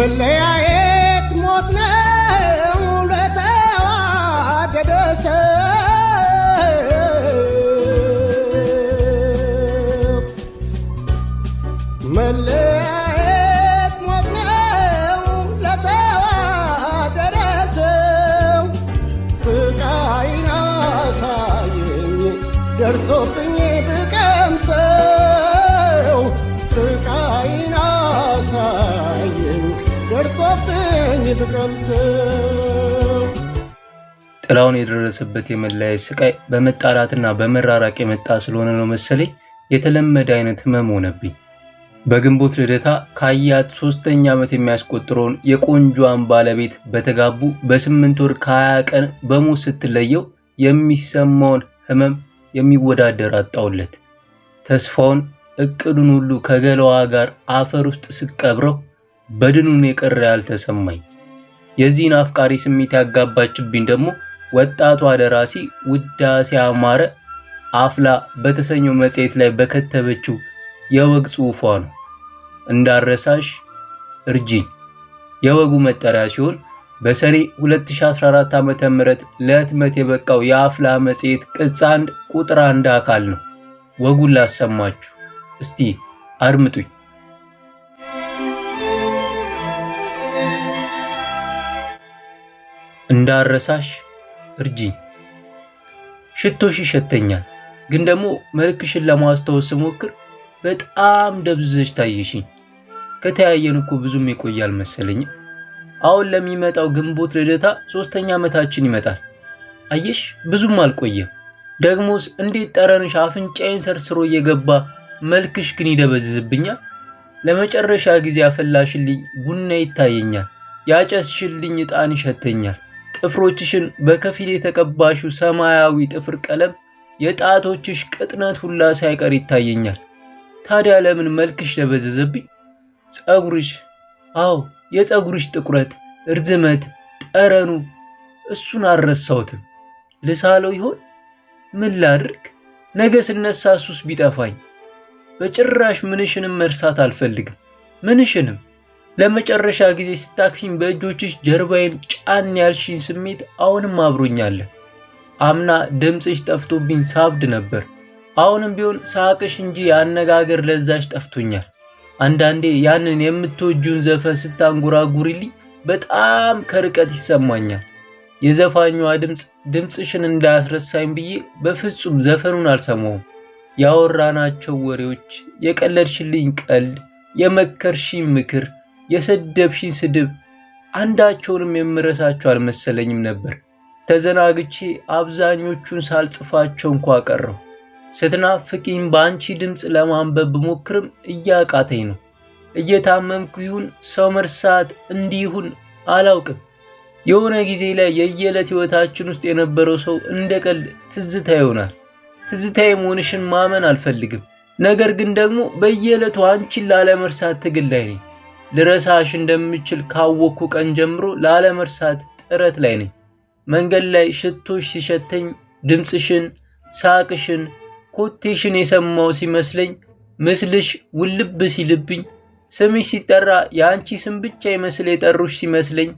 መለያየት ሞት ነው ለተዋደደ ሰው መለያየት ሞት ነው ለተዋደደ ሰው ስቃይን አሳየኝ ደርሶብኝ ጥላውን የደረሰበት የመለያየት ስቃይ በመጣላትና በመራራቅ የመጣ ስለሆነ ነው መሰለኝ የተለመደ አይነት ህመም ሆነብኝ። በግንቦት ልደታ ካያት ሶስተኛ ዓመት የሚያስቆጥረውን የቆንጆዋን ባለቤት በተጋቡ በስምንት ወር ከሀያ ቀን በሞት ስትለየው የሚሰማውን ህመም የሚወዳደር አጣውለት። ተስፋውን እቅዱን ሁሉ ከገለዋ ጋር አፈር ውስጥ ስቀብረው በድኑን የቀረ ያልተሰማኝ የዚህን አፍቃሪ ስሜት ያጋባችብኝ ደግሞ ወጣቷ ደራሲ ውዳሴ አማረ አፍላ በተሰኘው መጽሔት ላይ በከተበችው የወግ ጽሑፏ ነው። እንዳረሳሽ እርጂኝ የወጉ መጠሪያ ሲሆን በሰኔ 2014 ዓ.ም ለህትመት የበቃው የአፍላ መጽሔት ቅጽ አንድ ቁጥር አንድ አካል ነው። ወጉን ላሰማችሁ፣ እስቲ አድምጡኝ። እንዳረሳሽ እርጅኝ ሽቶሽ ይሸተኛል፣ ግን ደግሞ መልክሽን ለማስታወስ ስሞክር በጣም ደብዝዘሽ ታየሽኝ። ከተያየን እኮ ብዙም የቆየ አልመሰለኝም። አሁን ለሚመጣው ግንቦት ልደታ ሶስተኛ ዓመታችን ይመጣል። አየሽ ብዙም አልቆየም። ደግሞስ እንዴት ጠረንሽ አፍንጫዬን ሰርስሮ እየገባ መልክሽ ግን ይደበዝዝብኛል። ለመጨረሻ ጊዜ አፈላሽልኝ ቡና ይታየኛል፣ ያጨስሽልኝ ዕጣን ይሸተኛል። ጥፍሮችሽን በከፊል የተቀባሹ ሰማያዊ ጥፍር ቀለም የጣቶችሽ ቅጥነት ሁላ ሳይቀር ይታየኛል። ታዲያ ለምን መልክሽ ለበዘዘብኝ? ጸጉርሽ፣ አዎ የጸጉርሽ ጥቁረት፣ እርዝመት፣ ጠረኑ እሱን አልረሳውትም። ልሳለው ይሆን? ምን ላድርግ? ነገ ስነሳ እሱስ ቢጠፋኝ። በጭራሽ ምንሽንም መርሳት አልፈልግም። ምንሽንም ለመጨረሻ ጊዜ ስታቅፊኝ በእጆችሽ ጀርባዬን ጫን ያልሽኝ ስሜት አሁንም አብሮኛለ። አምና ድምፅሽ ጠፍቶብኝ ሳብድ ነበር። አሁንም ቢሆን ሳቅሽ እንጂ የአነጋገር ለዛሽ ጠፍቶኛል። አንዳንዴ ያንን የምትወጂውን ዘፈን ስታንጎራጉሪልኝ በጣም ከርቀት ይሰማኛል። የዘፋኟ ድምፅ ድምፅሽን እንዳያስረሳኝ ብዬ በፍጹም ዘፈኑን አልሰማውም። ያወራናቸው ወሬዎች፣ የቀለድሽልኝ ቀልድ፣ የመከርሽኝ ምክር የሰደብሽኝ ስድብ አንዳቸውንም የምረሳቸው አልመሰለኝም ነበር። ተዘናግቼ አብዛኞቹን ሳልጽፋቸው እንኳ ቀረሁ። ስትናፍቂኝ በአንቺ ድምፅ ለማንበብ ብሞክርም እያቃተኝ ነው። እየታመምኩ ይሁን ሰው መርሳት እንዲሁን አላውቅም። የሆነ ጊዜ ላይ የየዕለት ሕይወታችን ውስጥ የነበረው ሰው እንደ ቀልድ ትዝታ ይሆናል። ትዝታዬ መሆንሽን ማመን አልፈልግም፣ ነገር ግን ደግሞ በየዕለቱ አንቺን ላለመርሳት ትግል ላይ ነኝ። ልረሳሽ እንደምችል ካወቅኩ ቀን ጀምሮ ላለመርሳት ጥረት ላይ ነኝ። መንገድ ላይ ሽቶሽ ሲሸተኝ ድምፅሽን፣ ሳቅሽን፣ ኮቴሽን የሰማው ሲመስለኝ ምስልሽ ውልብ ሲልብኝ ስምሽ ሲጠራ የአንቺ ስም ብቻ ይመስል የጠሩሽ ሲመስለኝ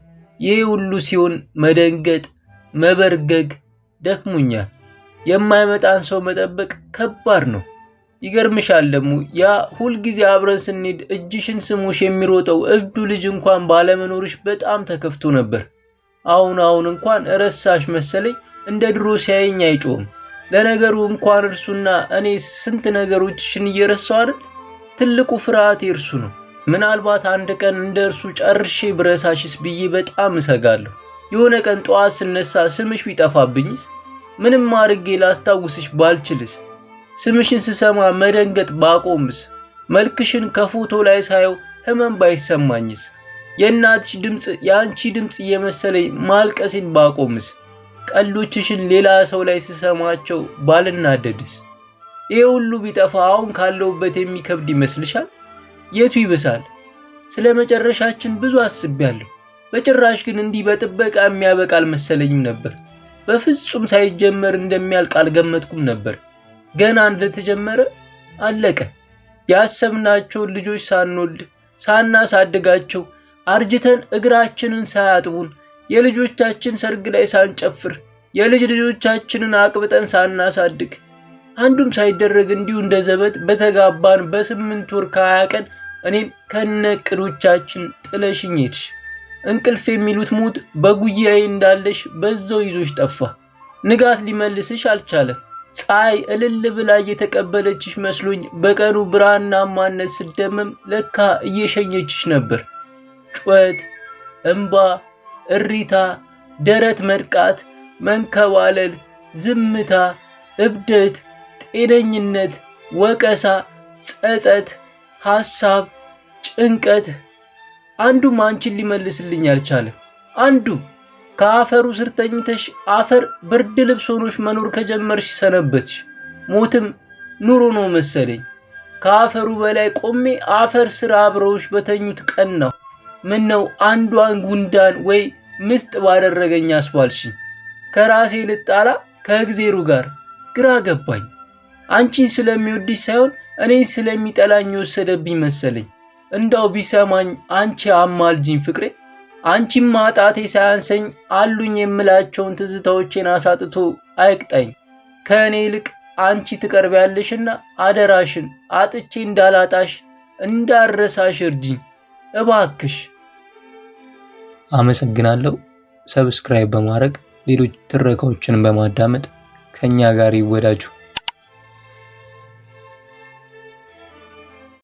ይህ ሁሉ ሲሆን መደንገጥ፣ መበርገግ ደክሙኛል። የማይመጣን ሰው መጠበቅ ከባድ ነው። ይገርምሻል ደግሞ ያ ሁልጊዜ አብረን ስንሄድ እጅሽን ስሙሽ የሚሮጠው እብዱ ልጅ እንኳን ባለመኖርሽ በጣም ተከፍቶ ነበር። አሁን አሁን እንኳን እረሳሽ መሰለኝ እንደ ድሮ ሲያየኝ አይጮህም። ለነገሩ እንኳን እርሱና እኔ ስንት ነገሮችሽን እየረሳሁ አይደል? ትልቁ ፍርሃቴ እርሱ ነው። ምናልባት አንድ ቀን እንደ እርሱ ጨርሼ ብረሳሽስ ብዬ በጣም እሰጋለሁ። የሆነ ቀን ጠዋት ስነሳ ስምሽ ቢጠፋብኝስ? ምንም አድርጌ ላስታውስሽ ባልችልስ? ስምሽን ስሰማ መደንገጥ ባቆምስ፣ መልክሽን ከፎቶ ላይ ሳየው ህመም ባይሰማኝስ፣ የእናትሽ ድምፅ የአንቺ ድምፅ እየመሰለኝ ማልቀሴን ባቆምስ፣ ቀልዶችሽን ሌላ ሰው ላይ ስሰማቸው ባልናደድስ፣ ይህ ሁሉ ቢጠፋ አሁን ካለውበት የሚከብድ ይመስልሻል? የቱ ይብሳል? ስለ መጨረሻችን ብዙ አስቤያለሁ። በጭራሽ ግን እንዲህ በጥበቃ የሚያበቃ አልመሰለኝም ነበር። በፍጹም ሳይጀመር እንደሚያልቅ አልገመትኩም ነበር። ገና እንደተጀመረ አለቀ። ያሰብናቸውን ልጆች ሳንወልድ ሳናሳድጋቸው አርጅተን እግራችንን ሳያጥቡን የልጆቻችን ሰርግ ላይ ሳንጨፍር የልጅ ልጆቻችንን አቅብጠን ሳናሳድግ አንዱም ሳይደረግ እንዲሁ እንደ ዘበት በተጋባን በስምንት ወር ከሀያ ቀን እኔን ከነ ዕቅዶቻችን ጥለሽኝ ሄድሽ። እንቅልፍ የሚሉት ሙት በጉያዬ እንዳለሽ በዛው ይዞሽ ጠፋ። ንጋት ሊመልስሽ አልቻለም። ፀሐይ እልል ብላ እየተቀበለችሽ መስሎኝ በቀኑ ማነት ስደመም ለካ እየሸኘችሽ ነበር። ጩኸት፣ እምባ፣ እሪታ፣ ደረት መድቃት፣ መንከባለል፣ ዝምታ፣ እብደት፣ ጤነኝነት፣ ወቀሳ፣ ጸጸት፣ ሐሳብ፣ ጭንቀት አንዱም አንቺን ሊመልስልኝ አልቻለም። አንዱ ከአፈሩ ስር ተኝተሽ አፈር ብርድ ልብስ ሆኖሽ መኖር ከጀመርሽ ሰነበትሽ። ሞትም ኑሮ ነው መሰለኝ። ከአፈሩ በላይ ቆሜ አፈር ስር አብረውሽ በተኙት ነው። ምን ነው አንዷን ጉንዳን ወይ ምስጥ ባደረገኝ አስባልሽኝ። ከራሴ ልጣላ ከእግዜሩ ጋር ግራ ገባኝ። አንቺን ስለሚወድሽ ሳይሆን እኔን ስለሚጠላኝ የወሰደብኝ መሰለኝ። እንዳው ቢሰማኝ አንቺ አማልጅኝ ፍቅሬ አንቺም ማጣቴ ሳያንሰኝ አሉኝ የምላቸውን ትዝታዎቼን አሳጥቶ አይቅጣኝ። ከእኔ ይልቅ አንቺ ትቀርቢያለሽና አደራሽን አጥቼ እንዳላጣሽ እንዳረሳሽ እርጅኝ እባክሽ። አመሰግናለሁ። ሰብስክራይብ በማድረግ ሌሎች ትረካዎችን በማዳመጥ ከኛ ጋር ይወዳጁ።